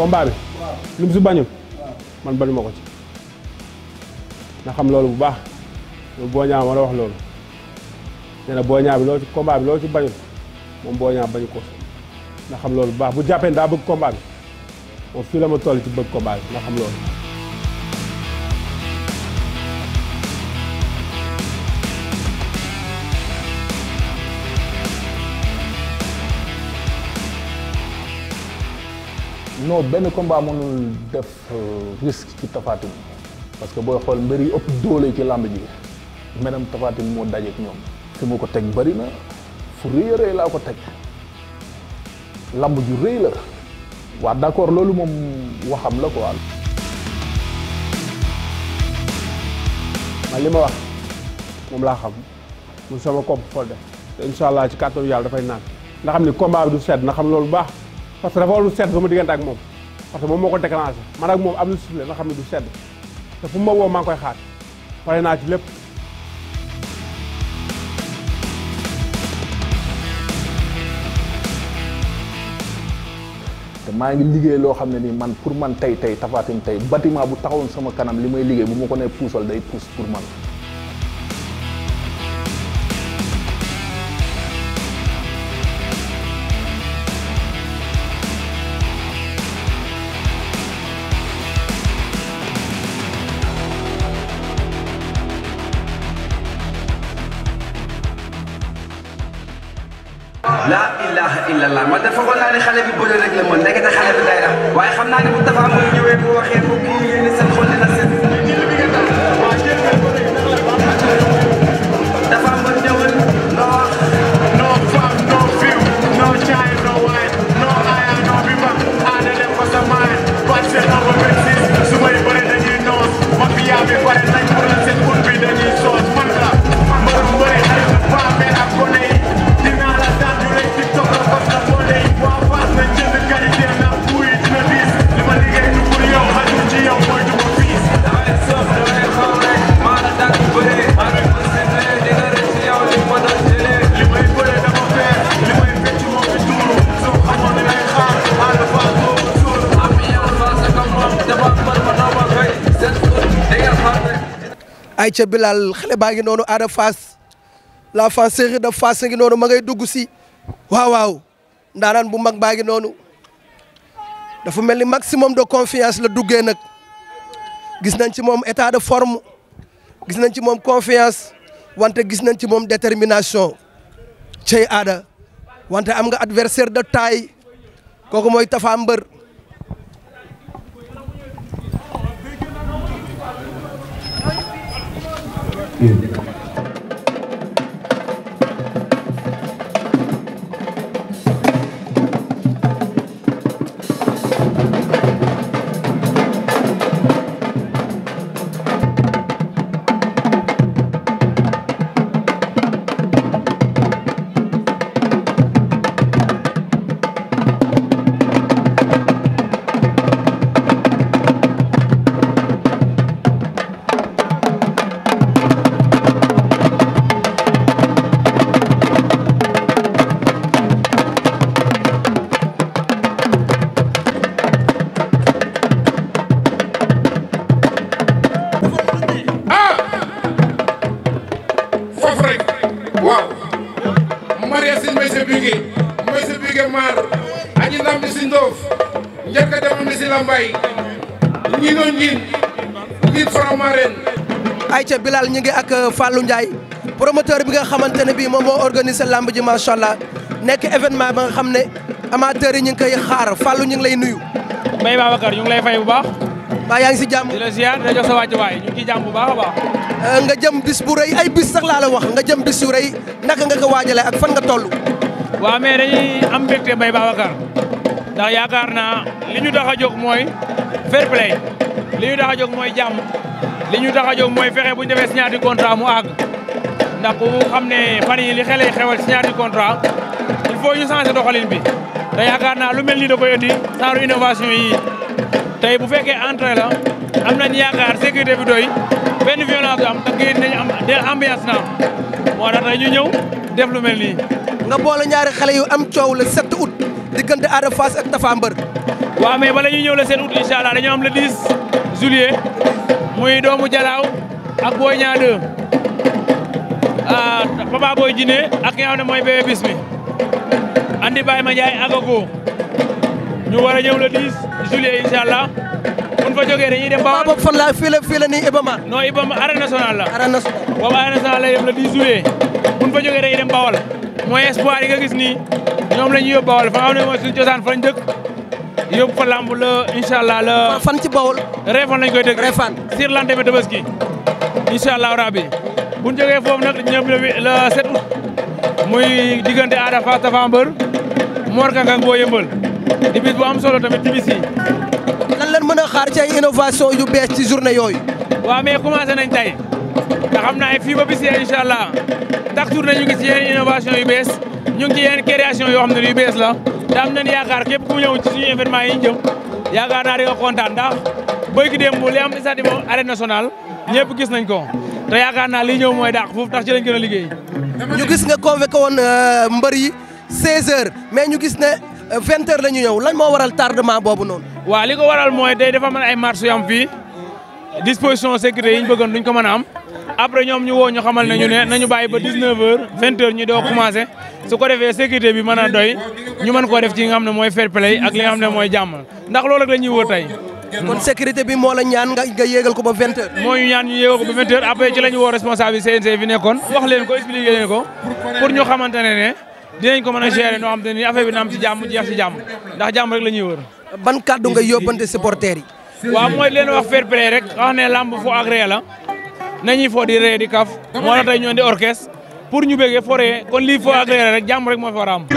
combat bi. si bañul. man bañu ma ko ci. na xam loolu bu baax loolu boo ma la wax loolu nee na boo loolu ci combat loolu ci bañul moom boo bañ ko na xam loolu bu baax bu jàppee daa bëgg combat oo fii la ma toll ci bëgg combat bi na xam loolu. non benn combat mënul def euh, risque ci Tafatine parce que booy xool mbir yi ëpp doole ci làmb ji menam Tafatine moo dajeek ñoom fi mu ko teg bari na fu rëy a rëy laa ko teg làmb ju rëy la waa d'accord loolu moom waxam la ko quoi. man li ma wax moom laa xam mun sama kopp xool de incha allah ci kàttan yàlla dafay naan nga xam ni combat bi du sedd na xam loolu baax. parce que dafa war lu sedd sama diggante ak moom parce que moom moo ko déclenché man ak moom am na suufle nga xam ne du sedd te fu ma woo maa koy xaar pare naa ci lépp te maa ngi liggéey loo xam ne nii man pour man tey tey Tapha tey bâtiment bu taxawoon sama kanam li may liggéey bu ma ko nee puusal day puus pour man illallah man dafa foog naa ne xale bi bëre rek la mën ndekete xale bi day rax waaye xam naa ne bu Tapha Mbeur ñëwee bu waxee ko kii ay ca Bilal xale baa ngi noonu Ada Fass la Fass séeréer de fas ngi noonu ma ngay dugg si waaw waaw bu mag baa ngi noonu dafa mel ni maximum de confiance la duggee nag gis nañ ci moom état de forme gis nañ ci moom confiance wante gis nañ ci moom détermination cey aada wante am nga adversaire de taille kooku mooy Tapha Mbeur Mm. ca Bilal ñu ngi ak euh, Fallou promoteur bi nga xamante ne bii moom moo organisé lamb ji macha allah nekk événement ba nga xam ne amateurs yi ñu ngi koy xaar Fallou ñu ngi lay nuyu. Mbaye Babacar ñu ngi lay fay bu baax. waa yaa ngi si jàmm di la ziar da jox sa wàcc waay ñu ngi ci jàmm bu baax euh, nga jëm bis bu ay bis sax laa la wax nga jëm bis yu rëy naka nga ko waajalee ak fan nga toll. waaw mais dañuy am mbégte Mbaye Babacar ndax yaakaar naa li ñu tax a jóg mooy fair a li ñu tax a mooy fexe bu ñu defee signature contrat mu àgg ndax ku xam ne fan yi li xele xewal signature contrat il faut ñu changer doxalin bi te yaakaar na lu mel ni da koy indi saaru innovation yi tey bu fekkee entrée la am nañ yaakaar sécurité bi doy benn violence a am te kii nañ am na am moo tax tey ñu ñëw def lu mel nii. nga boole ñaari xale yu am coow la 7 août diggante Ada Fass ak Tapha Mbeur. waaw mais bala ñuy ñëw le 7 août incha allah dañoo am le 10 juillet. muy doomu Jalaaw ak Boy Niang 2 ah Papa Boy Djiné ak nga xam mooy Bébé Bismi andi Baye Mandiaye Agago ñu war a ñëw le 10 juillet incha allah buñ fa jógee dañuy ba boog fan la fii la fii la nii Ibama. non Ibama arène la. arène nationale boobu arène nationale lay yem le 10 fa jógee dañuy dem Bawol mooy espoir yi nga gis ñoom la ñuy yóbbu Bawol fa nga xam mooy suñu cosaan fa yóbbu ko lamb la incha allah la. fan ci Bawol. Réfane lañ koy dégg. Réfane sur l' lendemain Tabaski. incha allah rabi bu ñu jógee foofu nag ñoom la sept août muy diggante Ada Fass Tapha Mbeur Mor Kang Kang Boy Yeumbeul di am solo tamit ci bis lan lan mën a xaar ci ay innovation yu bees ci na yooyu. waa mais commencé nañ tey nga xam naa fii ba bis yi incha allah chaque ñu ngi si yeneen innovation yu bees ñu ngi ci yeneen création yoo xam ne yu bees la. da am nañ yaakaar képp ku ñëw ci suñu événement yi jëm yaakaar naa di nga kontaan ndax bëy ki démb li am stade moom arène nationale ñëpp gis nañ ko te yaakaar naa li ñëw mooy dàq foofu tax ci lañ gën a liggéey. ñu gis nga convoqué woon euh, mbër yi 16h mais ñu gis ne 20h euh, la ñëw lan moo waral tardement boobu noonu. waaw li ko waral mooy day dafa mën ay marches yu am fii. disposition sécurité yi ñu bëggoon duñ ko mën a am après ñoom ñu woo ñu xamal nañu ne nañu bàyyi ba 19 heures 20 heures ñu doo commencé su ko defee sécurité bi mën a doy ñu mën koo def ci nga xam ne mooy fair play ak li nga xam ne mooy jàmm ndax loolu rek la ñuy wër tey. kon sécurité bi moo la ñaan nga nga yéegal ko ba 20 moo ñu ñaan ñu yéegal ko ba 20 après ci la ñu woo responsable bi CNG bi nekkoon wax leen ko expliqué leen ko pour ñu xamante ne ne dinañ ko mën a gérer noo xam te ni am ci jàmm jeex ci jàmm ndax jàmm rek la ñuy wër. ban kàddu nga yóbbante supporters yi waaw mooy leen wax fair play rek xam ne lamb fo ak ree la di ree di kaf moo tax tey di orchestre pour ñu bëggee foree kon lii fo ak rek jàmm rek moo fi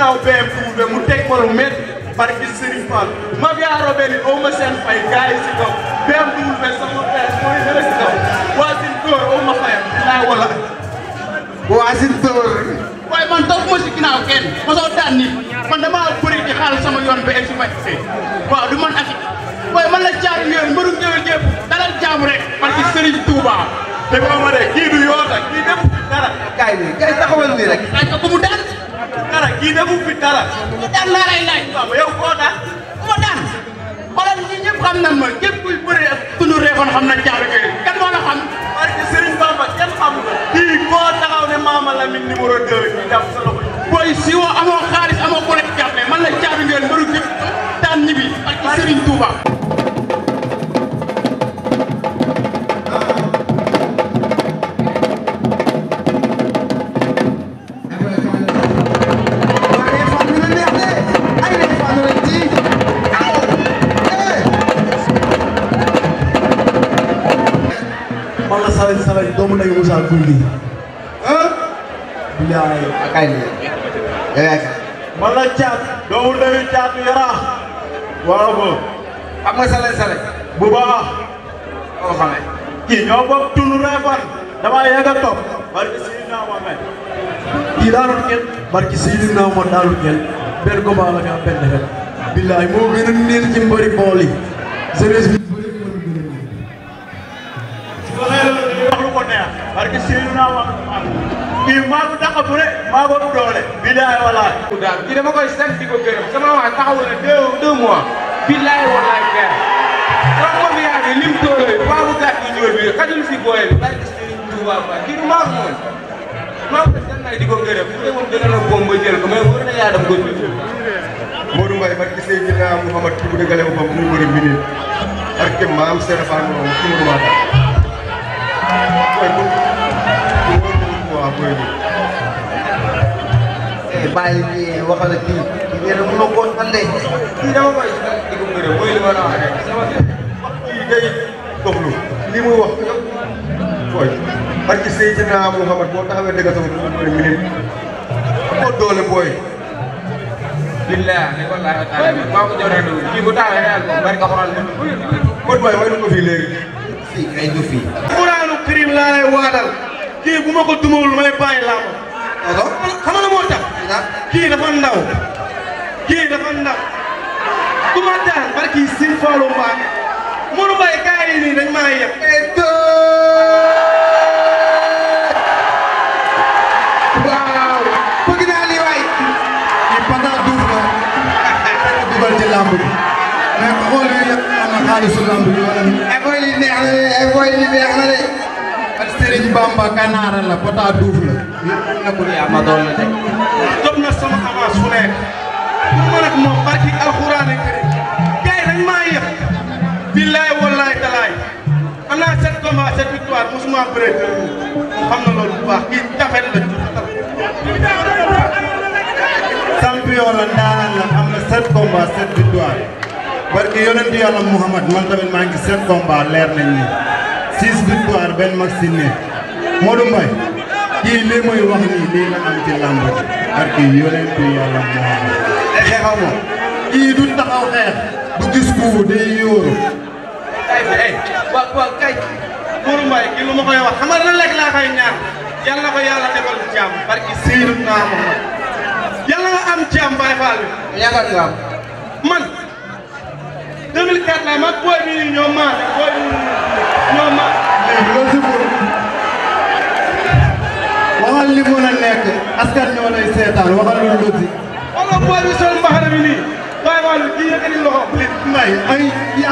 war ma yaaro benn au ma seen fay gars si kaw BM Toubé sama frère mooy dara si kaw waa sin dóor au ma fayam laa waa sin dóor waaye man toog ma si ginnaaw kenn ma soo daan nit di xaal sama yoon ba egg si ma waaw du man ak waaye man la caaru yooyu mbërum ñëwee ñëpp dalal jaamu rek parce que Serigne Touba. te ma ne kii du yoon ak kii defu fi dara. kaay bi kaay taxawal nii rek. laaj ko bu mu daan. dara kii defu fi dara. bu mu daan laa lay laaj. waaw yow koo daan. bu ma daan. xoolal ñi kuy bëree ak sunu réewoon xam na caaru yooyu kan moo la kii koo taxaw ne Mama Lamine numéro 2 ñu jàpp sa loxo. booy si amoo xaalis amoo ko rek jàppee man la caaru ngeen mbëru ñëpp daan ñibbi ak Serigne Touba. kulli. ah. bilaay akay ne. yow caat. doomu ndeyu caatu yaraax. waaw ba. am nga sale bu baax. koo xamee. kii ñoo reefan. damaa yàgg a toog. barki Seydina Mohamed. kii daanu ngeen. barki Seydina Mohamed daanu ngeen. benn gomaa la nga am benn xel. bilaay moo gën niir ci mbari bool dinaa wax kii maa ko dàq bu ne maa ko doole billaay walaay daal kii dama koy sant di ko gërëm sama wax taxawul na deux deux mois billaay walaay gerte kon moom yaa ngi lim tool yi maa ko gàtt ñëw bi xajul si booy bi barke Sëriñ Tuubaa ba kii du maa moom maa ko sant nag di ko gërëm bu dee moom dëgg na boom ba jël ko mais war na yaa dem ko jël Modou Mbaye barke Seydina Mouhamad ki bu dëggale boppam mu war a minir barke maam Serapha Ngom ki mu du maa waaw mooy lii. bàyyi kii waxal ak kii kii ngeen ne mënoo koo fan de kii dama koy di ko gërëm mooy li ma la wax rek sama kii day doxlu li muy wax yëpp mooy parce que Seydina Mouhamad boo taxawee dëgg sama dugub bi minute ko doole booy. billaay ne ko laaj taala bi maa ko joxe dugub kii bu taawee ne yàlla bari nga xoolal ko. kon mooy mooy nu ko fii léegi. fii ay du fii. Quraanu Karim laa lay waatal. kii bu ma ko dumawul may bàyyi làmb. d'accord xam nga moo tax. kii dafa ndaw. kii dafa ndaw. ku ma daan barki si Fallou Mbacké. mënu bàyyi gaa yi nii dañ maa yeb. waaw. bëgg naa lii waay. ñu pendant douze mois. dugal ci làmb bi. mais xool yi yëpp am na xaalisu làmb bi wala. évoy li neex na évoy li neex na Bamba kanaara la bota duuf la yéen nag bu dee ama doon la de. jot na sama avance fu nekk pour ma nag moom barki alxuraan ak kër gars yi dañ maa yëg. billaay wallaay talaay am naa sept combats sept victoire mosuma am bëre xam na loolu bu baax kii jafet la ñu champion la ndaanaan la am na sept combats sept victoire barki yonent yàlla Muhammad man tamit maa ngi sept combats leer nañ ni six victoire benn maximum Modou Mbaye kii lii muy wax nii lii la ci làmb ak kii yonent yàlla Muhammad te eh, ma kii du taxaw xeex eh, lekk laa koy ñaan yàlla na ko yàlla defal jàmm barki Seydou naa Muhammad yàlla nga am jàmm Baye Fall bi yaakaar nga am man 2004 la ma booy bi ñoo maase booy bi ñoo waxal li mun a nekk askan ñoo lay seetaan waxal lu lu si. wala booy bi sol mbaxana bi nii waaye wàllu kii yëkkati loxo. mbay ay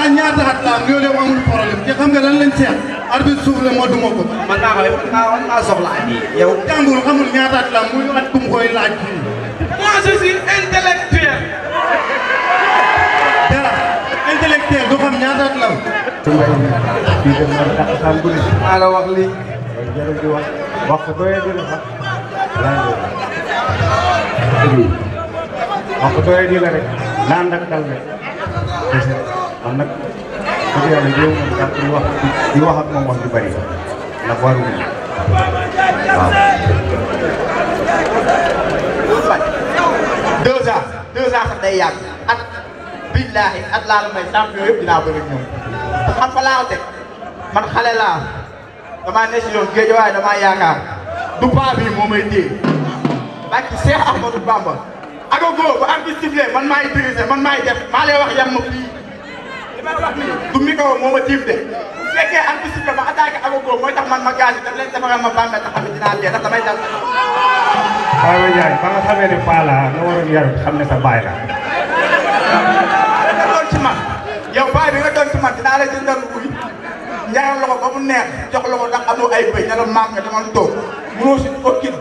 ay ñaata at la am yooyu yow amul problème te xam nga lan lañ seet. arbitre suuf la moo duma ko. man naa koy man naa man naa soxla yow jàngul xamul ñaata at la am muy at kum koy laaj fii. moi je suis intellectuel. dara intellectuel du xam ñaata at la am. mbay mi. alors wax lii. jërëjëf wax. Bak böyle değil bak. Bak böyle değil rek. Naan dak dal rek. Man nag bu dee yàlla jéem a dàq di wax di wax ak moom wax ju bëri ndax warul waaw. deux ans deux ans sax day yàgg at billaahi at laa la may champion yëpp dinaa bëri ñoom man fa laa teg man xale laa. damaa ne si yoon géej waaye damaa yaakaar du paa bi moo may téye ak Cheikh Ahmadou Bamba Agogo bu am bi sifflé man maay dirigé man maay def maa lay wax yam ma fii li ma wax nii moo ma tiim de bu fekkee am bi sifflé ma attaqué Agogo mooy tax man ma gaañ daf leen defaral ma bàmme tax am dinaa dee ndax damay dal waaw Ndiaye ba nga xamee ne paa la nga waroon yar xam ne sa baay la nga doon ci man yow baay bi nga doon ci man dinaa la jëndal ñaanal loxo ba mu neex jox loxo ndax amoo ay bëy ne la maam nga dama toog mënoo si ko kii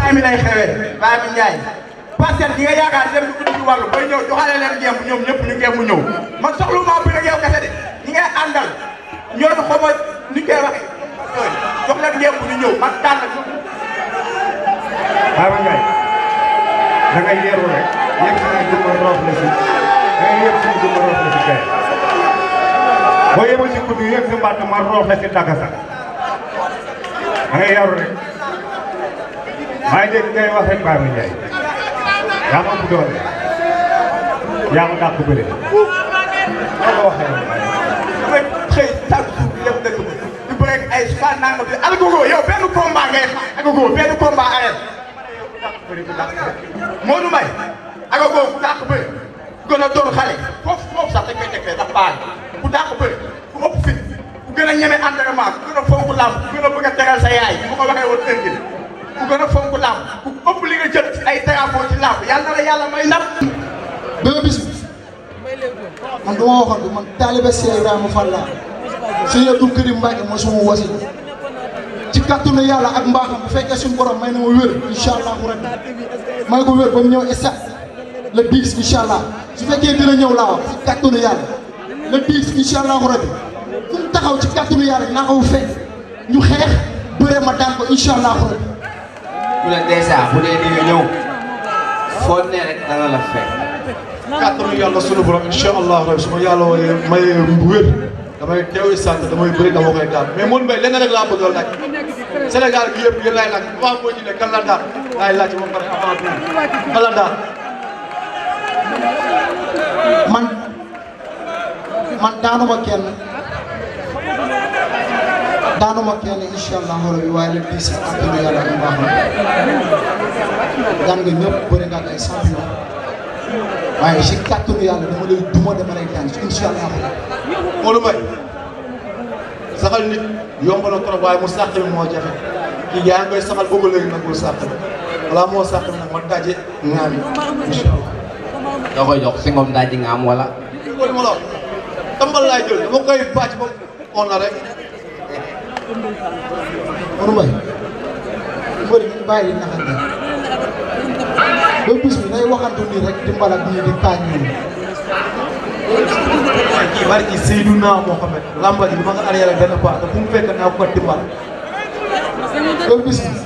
kaay mi lay xewee baay mi Njaay parcelle gi nga yaakaar dem di uti wàllu bay ñëw joxale leen ngemb ñoom ñëpp ñu ngemb ñëw man soxlu maa bëgg ak yow kese de ñi ngay àndal ñoom xaw ma ni koy waxee jox leen ngemb ñu ñëw man ma Njaay da ngay yeeru rek yëpp si nga jëmmal roof la si da ngay yëpp si nga kay boo yema ci guddi yëg sa mbàtt ma roof la si dagasa ma nga yaru rek maa ngi dégg ngay wax rek Baye Mandiaye yaa ma ëpp doole yaa ma dàq bële loolu la waxee rek xëy tàggu suuf bi yëpp dëkk bi di bëreeg ay soixante nangam bi Agogo yow benn combat ngay Agogo benn combat arrêté Modou Mbaye Agogo ku dàq bële gën a doon xale foofu foofu sax dañ koy teg fee ndax baax dàq bëri ku ëpp fit ku gën a ñeme entraînement ku gën a fonk làmb ku gën a bëgg a sa yaay bu ko waxee woon kër gi gën a fonk làmb ku ëpp li nga jël ay drapeau ci làmb yàlla na la yàlla may ndam. Bébé Bismi man du ma waxoon bi man taalibe Cheikh Ibrahima Fall laa Sëñ Abdou Karim Mbacke mooy suma wasi ci kàttanu yàlla ak mbaaxam bu fekkee suñu borom may na ma wér incha allah rabbi may ko wér ba mu ñëw stade le 10 incha allah su fekkee dina le 10 incha allahu rabi fu mu taxaw ci kàttanu yàlla naa ko fekk ñu xeex bëre ma daan ko incha allahu rabi. bu la la fekk. kàttanu yàlla sunu borom incha allahu rabi su ma yàlla may wér damay teew sant damay bëri dama koy daal mais Modou Mbaye lenn rek laa bëgg a laaj Sénégal gi yëpp yéen laay laaj waaw boo ñu ne kan la laaj ba pare avant tout kan la man daanuma kenn daanuma kenn incha allahu rabi waaye nag bii si kàttanu yàlla bu baax la daan nga ñëpp bëri waaye si kàttanu yàlla dama lay duma dama lay daan incha allahu rabi. Modou Mbaye saxal nit yomb na trop waaye mu sàq mi moo jafe kii yaa ngi koy saxal boobu léegi nag mu sàq moo sàq mi ma daje ŋaami incha allah. koy jox si ngoom daji ŋaam wala. tambal laay jël dama koy bàcc ba on la rek. kon mooy mbëri ñu bàyyi li naxante ba bis bi nay waxantu nii rek di mbalak nii di taañ nii. barki Seydina Mohamed lamba ji ma nga arrière benn pas te fu mu fekk naa ko dimbal ba bis bi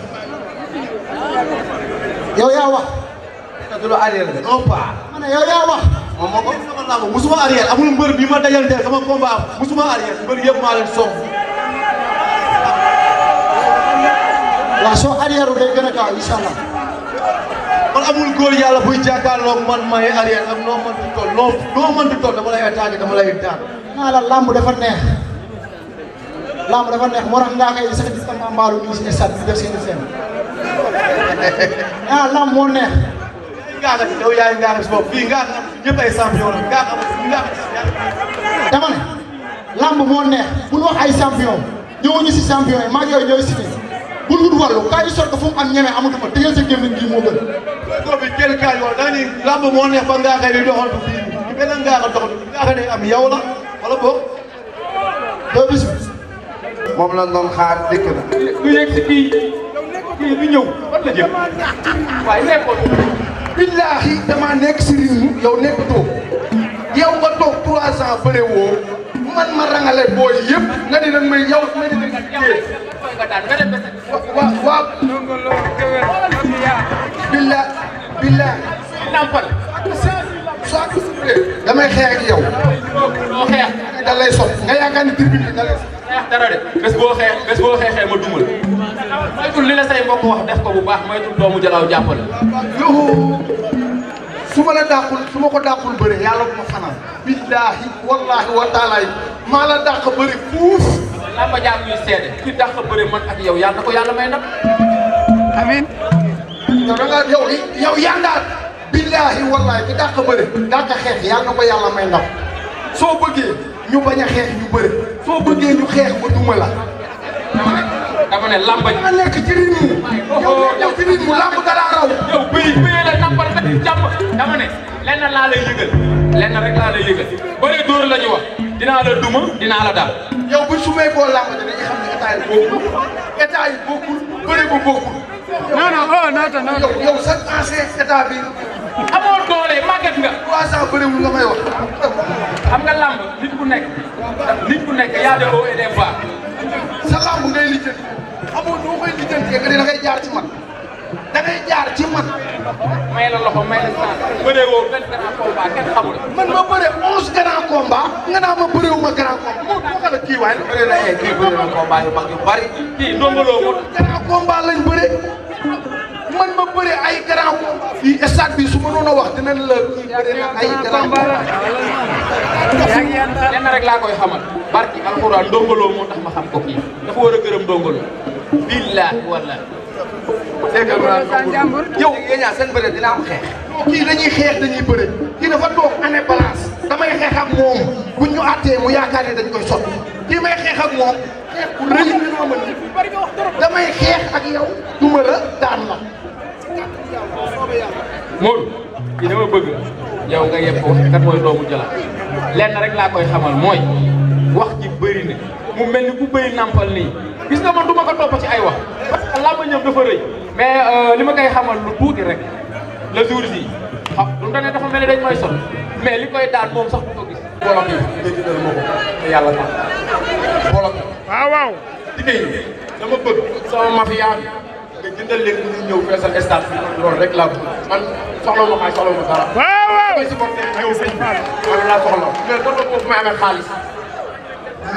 yow yaa wax te du la arrière non pas ma ne yow yaa wax moom moo ko def sama làmb musuma arrière amul mbër bi ma dajanteel sama combat musuma arrière mbër yëpp maa leen song. waaw soo arrière day gën a gaaw incha allah. man amul góor yàlla buy jàkkaarloog man may arrière ak noo mënti toll noo noo mënti toll dama lay attaqué dama lay daan. naa la làmb dafa neex. làmb dafa neex moo tax ngaa koy sax gis nga mbaalu ñu ngi si stade bi def seen i seen. ah làmb moo neex. ngaana fi yow yaay ngaana si bopp fii ngaana am ñëpp ay champion la ngaana dama ne lamb moo neex bul wax ay champion ñëwuñu si champion yi maa ngi yooyu ñooy si nii bul wut wàllu kaay yu sot ko fu mu am ñeme amatu fa tëjal sa gémmiñ gi moo gën ko bi jël kaay yoo daa ni lamb moo neex ba ngaaka di doxantu fii i am yow la wala boog doo bis moom la doon xaar na ku yegg si kii kii bi ñëw billaahi dama nekk si rythme yow nekkatoo yow nga toog trois ans bëre woo man ma rangale booy yëpp nga ne may yow nga ne nga téye wa waaw. billa billa nampal soit damay xeex ak yow. moo xeex da lay sot nga yaakaar ni tribune da lay sot xeex dara de bés boo xeex bés boo say mbokk wax def ko bu baax moytul doomu jalaaw jàppale yow su ma la dàqul su ma ko dàqul bëri yàlla bu ma fanal billaahi wallaahi wa taala yi maa la dàq bëri fuuf laa ma jaam ñuy seede ki dàq bëri man ak yow yàlla na ko yàlla may nag amin yow da nga yow yow yandaar billaahi wallaahi ki dàq bëri dàq xeex yàlla na ko yàlla may ndaw soo bëggee ñu bañ a xeex ñu bëri soo bëggee ñu xeex ba duma la. dama ne dama ne lamba ji. dama nekk ci rythme. Oh, oh. yow lamb dara raw. yow bëy bëyee la nampal nga jàmm. dama ne lenn laa lay yëgal lenn rek lay yëgal bëri dóor la ñu wax dinaa la duma dinaa la daal. yow bu sumee boo lamb ji dañuy xam ne état yi bokkul état yi bokkul bëri naata naata yow yow chaque ancien état amoo doole màgget nga. 300 bëriwul nga may wax. xam nga làmb nit ku nekk. nit ku nekk y a des hauts et des sa làmb ngay lijjanti. amoo noo koy lijjantee nga ne da ngay jaar ci man. da ngay jaar ci man. may la loxo may la woo benn grand combat man ma bëree onze grand combat. nga naa ma bëree wu ma grand combat. moo la kii waaye. bëree na kii bëree na combat yu mag yu bari. kii ndongolo. grand combat lañ bëree. man ma bëri ay grand combat fii stade bi su mënoon a wax dinañ la kii bëri na ay grand a gërëm ndongoloo billaahi wallaahi yow yéen ñaa seen bëre dina xeex kii dañuy xeex dañuy bëre kii dafa toog année balance damay xeex ak moom buñ ñu àttee mu yaakaar ne dañ koy sotti kii may xeex ak moom xeex bu ma ak yow duma la daan la Modou ci dama bëgg yow nga yeb ko kat mooy doomu Jalla lenn rek laa koy xamal mooy wax ji bëri na mu mel ni ku bëri nàmpal nii gis nga man du ma ko topp ci ay wax parce que làmb ñoom dafa rëy mais euh, li ma koy xamal lu tuuti rek le jour ji xam lu tax ne dafa mel ni dañ mais li koy daan moom sax du ko gis. yi dégg waaw waaw. liggéey dama bëgg sama mafia jëndal leen ñu ñëw feesal a bi loolu rek laa bëgg man soxla wu ma xaalis soxla wu ma dara. waaw waaw damay supporté ñëw sëñ bi man laa soxla. mais kon nag foofu may amee xaalis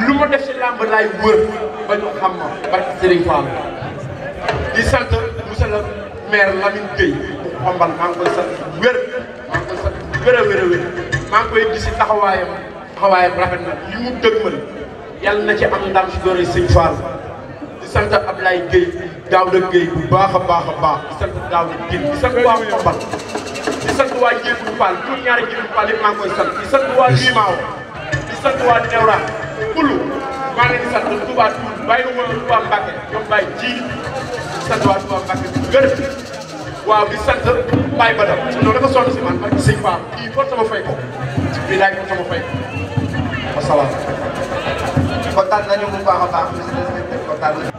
lu ma def si làmb laay wër ba ñu xam ma barke Serigne Fall di sant monsieur le maire Lamine Gueye bu xombal maa ngi koy sant wér maa ngi koy sant wér a wér a wér maa ngi koy gis si taxawaayam taxawaayam rafet na li mu dëgmal yàlla na ci am ndam si doole Serigne Fall sant Ablaye Gueye Daouda Gueye bu baax a baax a baax di sant Daouda Gueye di sant waa Kombal di sant waa Jébu Fall ñun ñaari Jébu Fall yëpp maa ngi koy sant di sant waa Limao di sant waa Newra Kulu maa ngi leen di sant Touba Tour bàyyi ma woon Touba Mbacke ñoom Baye ji di sant waa Touba Mbacke bu gër waaw di sant Baye Badam non dafa sonn si man man di sëñ Fall kii fot sama fay ko bii daay fot sama fay ko wasalaam kontaan nañu bu baax a baax monsieur le maire kontaan nañu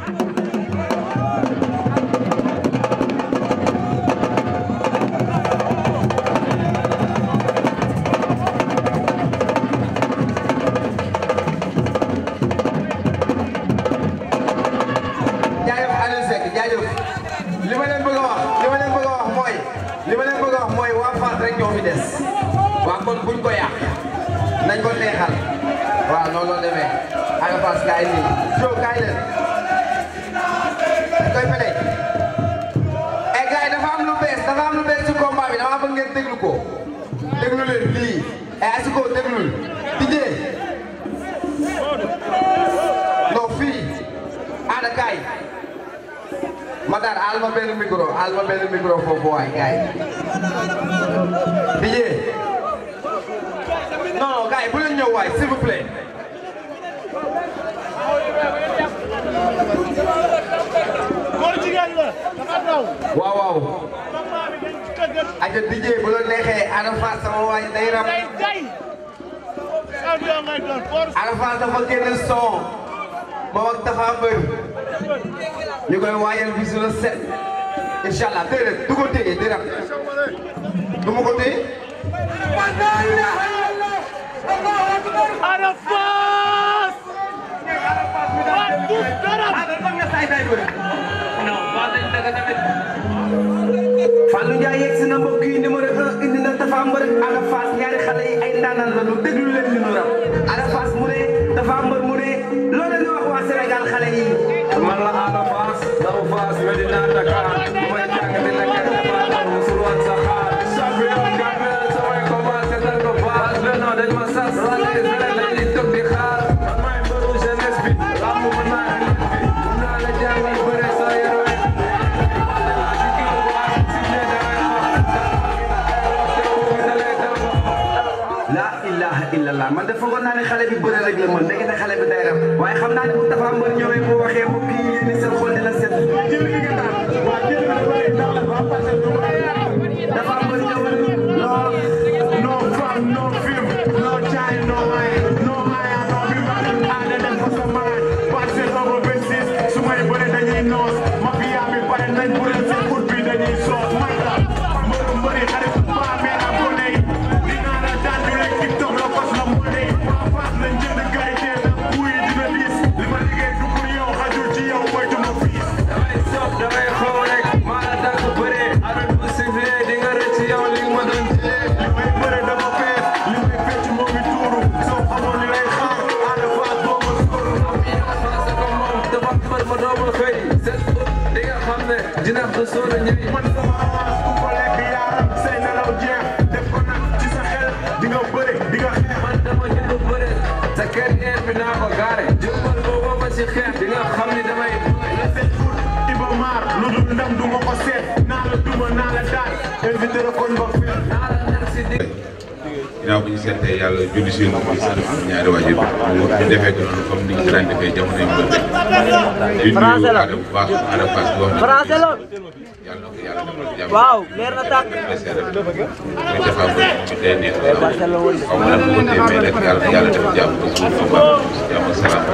gars yi bu leen ñëw waay s'il vous plaît. waaw waaw. ayca DJ bu la neexee Arafa sama waay day rab. Arafa dafa génne son. moom ak Tafa Mbër. ñu koy set. incha allah déedéet ko téye day rab. du ko téye. Arafas! Vai, tu, cara! Fallou Ndiaye yegg si na mbokk yi numéro 1 indi na Tapha Mbeur Ada Fass ñaari xale yi ay ndaanaan la ñu déglu leen li ñu rab Ada Fass mu ne Tapha Mbeur mu ne loolu la ñu wax waa Sénégal xale yi. ginnaaw bu ñu seetee yàlla julli si yëngu bi sant ñaari waajur ñu defee ko noonu comme ni ñu ko daan defee jamono yi mu bëri di nuyu aada bu baax aada bu baax di wax ne yàlla na ko yàlla defal ko jàmm waaw leer na tàkk muy defaa ko ci day neex xaw ma lan ko tee mais nag yàlla yàlla defal jàmm ko suñu combat jàmm salaam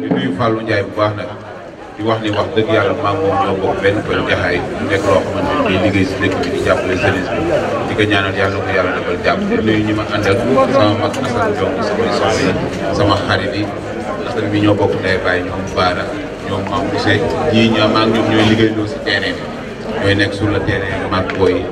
di nuyu Fallou Ndiaye bu baax nag di wax ni wax dëgg yàlla maa moom ñoo bokk benn koñ jaxaay mu nekk loo xamante ni liggéey si dëkk bi di jàppale bi di ko ñaanal yàlla ko yàlla defal jàpp di nuyu ma àndal sama mag Assane Diong samay soxla yi sama xarit yi Assane le terrain mag booy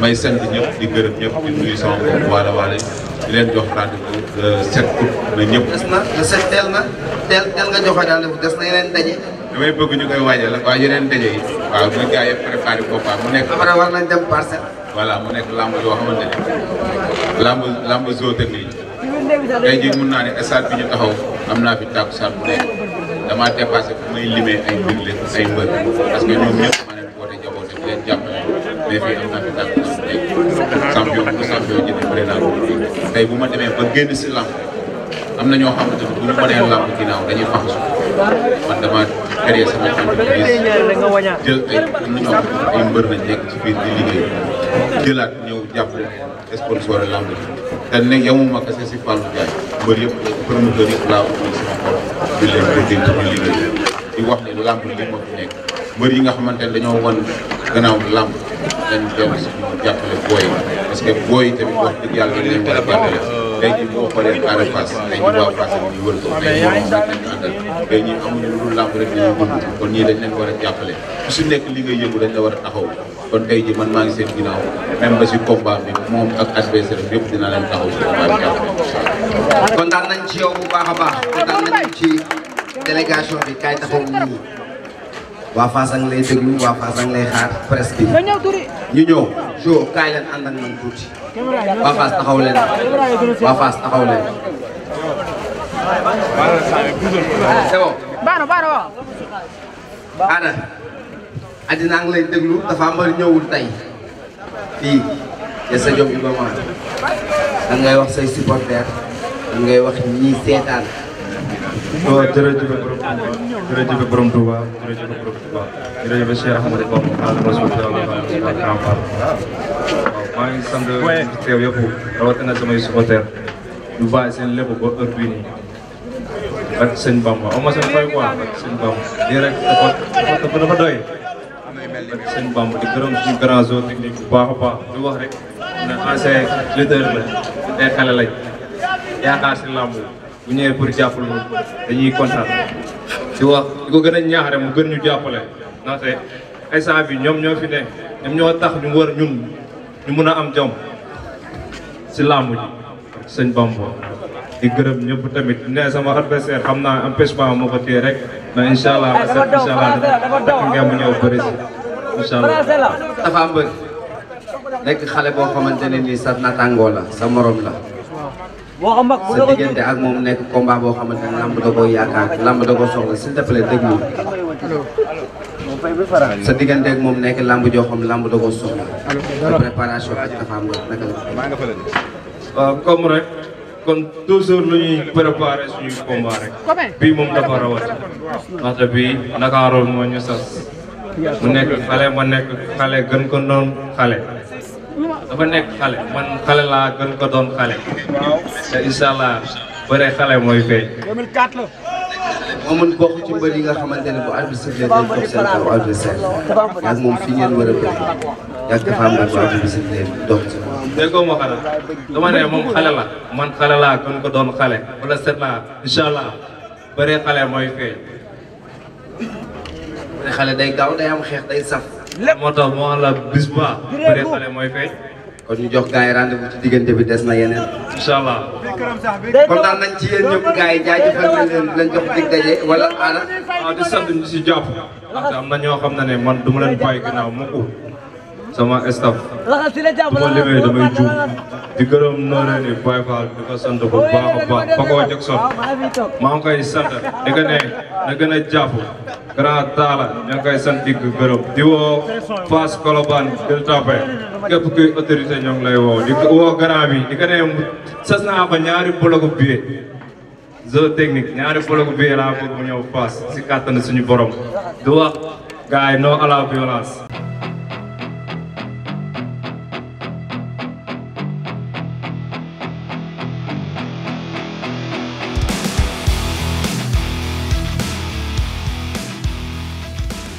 may sant ñëpp di gërëm ñëpp nuyu sama mbokk waala waala di leen jox rendez-vous le na ñëpp. teel teel nga joxe daal des na yeneen daje. damay bëgg ñu koy waajal waa yeneen daje yi. waaw bu gaa yëpp préparé boppam mu nekk. après war nañ dem parcelle. voilà mu nekk lamb yoo xamante ne lamb lamb mun naa ne stade bi ñu taxaw am naa fi tàkku saa bu nekk damaa dépassé fu may limee ay mbir leen ay mbër parce que ñoom ñëpp ma leen woote jaboo te leen jàppale mais fii am fi tàkku saa bu nekk champion bu champion ji di bëri naa ko tey bu ma demee ba génn si lamb am na ñoo xamante ne bu ñu mënee làmb ginnaaw dañuy faxasu man dama créé sama entreprise jël ay na ñoo xam ne ay mbër di liggéey ñëw jàpp sponsoré làmb ji te ne yamuma kese si di leen ko dénk ñu di wax ma fi nekk mbër yi nga xamante ne dañoo wan gannaaw làmb dañ dellu si ñu jàppale booy parce que booy tamit wax dëgg yàlla dañ leen war a jàppale tey jii boo xoolee Ada Fass tey jii waa Fass ak ñu wër ko tey jii moom rek lañu àndal tey ñii amuñu lu dul rek lañu dund kon ñii dañ war a jàppale ku si nekk li ngay yëngu dañ la war taxaw kon tey jii man maa ngi seen ginnaaw même ba si combat bi moom ak adversaire bi yëpp dinaa leen taxaw si combat bi jàppale. bu baax a baax kontaan nañ ci délégation bi kaay taxaw nit ñi waa Fass a ngi lay waa Fass a ngi lay xaar presse bi ñu ñëw jo kaay leen ànd ak man waa Fass taxaw leen waa Fass taxaw leen. c'est bon. baaro baaro waaw. Ada. Adina a ngi lay déglu dafa mbër ñëwul tey fii yas sa jom Iba Mar da wax say supporter da wax ñii seetaan. waaw jërëjëf borom Touba jërëjëf borom Touba jërëjëf borom Touba jërëjëf Cheikh Ahmadou Bamba Xaadimu Rasuul maa ngi sant teew yëpp rawatina samay supporters ñu bàyyi seen lépp ba heure bii nii ak sëñ Bamba am na seen fay quoi ak sëñ Bamba lii rek dafa dafa doy ak sëñ Bamba di gërëm suñu grand zone technique bu baax a baax di wax rek ne ancien leader la ay xale lañ yaakaar si làmb bu ñëwee pour jàppale dañuy kontaan di wax di ko gën a ñaax mu gën ñu jàppale ndaxte instant bi ñoom ñoo fi ne ñoom ñoo tax ñu mu war ñun ñu mun a am jom si làmb ji sëñ di gërëm ñëpp tamit ne sama adversaire xam naa empêchement moo ko téye rek mais incha allah eh, incha allah dafa ngeen mu ñëw bëri si allah dafa am bëri nekk xale boo xamante ne nii sa nattangoo la sa morom la sa diggante ak moom nekk combat boo xamante ne lamb da koo yaakaar lamb da koo soxla s'il te plaît dégg sa diggante ak moom nekk lamb joo xam lamb da koo soxla sa préparation ak tafaam nga naka la waaw comme rek kon toujours lu ñuy préparé suñu combat rek bii moom dafa rawati ndaxte bii Ndakaaru moo ñu sas mu nekk xale ma nekk xale gën ko doon xale dafa nekk xale man xale laa gën ko doon xale mooy feeñ. yi nga xamante ne bu arbitre sifflé moom fi ngeen war la man xale laa gën ko doon xale wala set laa allah bëre xale day gaaw day am xeex kon ñu jox gars yi rendez-vous ci diggante bi des na yeneen. incha allah. kontaan nañ ci yéen ñëpp gars yi jaajëfal nañ leen lañ jox wala ana. Ah, di sant ñu si jàpp. am na ñoo xam ne man du ma leen bàyyi sama staff. laxal si la jàmm la damay juum di gërëm noonu ni Baye Fall di ko sant bu baax a baax Paco Jackson maa ngi koy sant di ko gën a jàpp grand taala ña koy sant di gërëm di woo Fass Colobane Gueule Tapée képp kuy lay woo di woo grand bi di ko sas naa ba ñaari bloc billet zone technique ñaari bloc billet laa bëgg mu ñëw Fass si kàttan suñu borom di wax gars yi non à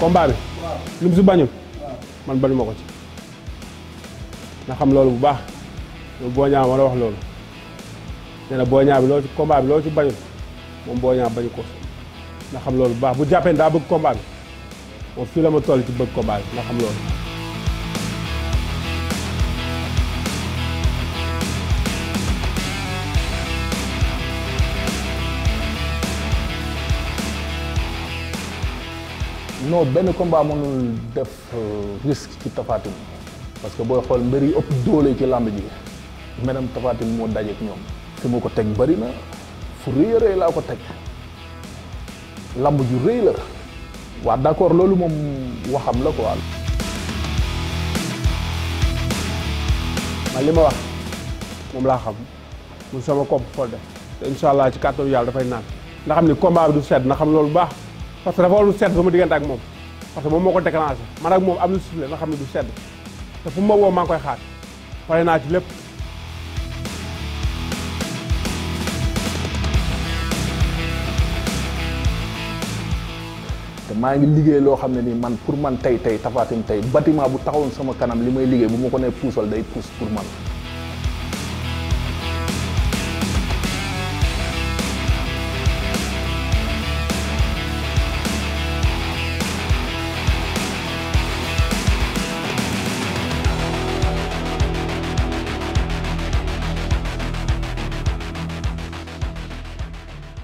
combat bi. lu mu si bañul. man bañu ma ko ci. na xam loolu bu baax loolu boo ma la wax loolu nee na bi loolu ci combat loolu ci bañul moom boo ñaaw bañu ko na xam loolu bu baax bu jàppee daa bëgg combat oo fii la ma toll ci bëgg combat bi na xam loolu. non benn combat mënul def euh, risque ci Tafatine parce que booy xool mbir yi ëpp doole ci làmb ji menam Tafatine moo dajeek ñoom fi mu ko teg bari na fu rëy a rëy laa ko teg làmb ju rëy la waa d'accord loolu moom waxam la quoi. man li ma wax moom laa xam mun sama kopp fol de te incha ci kàttan yàlla dafay naan nga xam ni combat du sedd na xam loolu baax. parce que dafa war lu sedd sama diggante ak moom parce que moom moo ko déclenché man ak moom am na suufle nga xam ne du sedd te fu ma woo maa koy xaar pare naa ci lépp te maa ngi liggéey loo xam ne ni man pour man tey tey Tapha Tine tey bâtiment bu taxawoon sama kanam li may liggéey bu ma ko nee puusal day puus pour man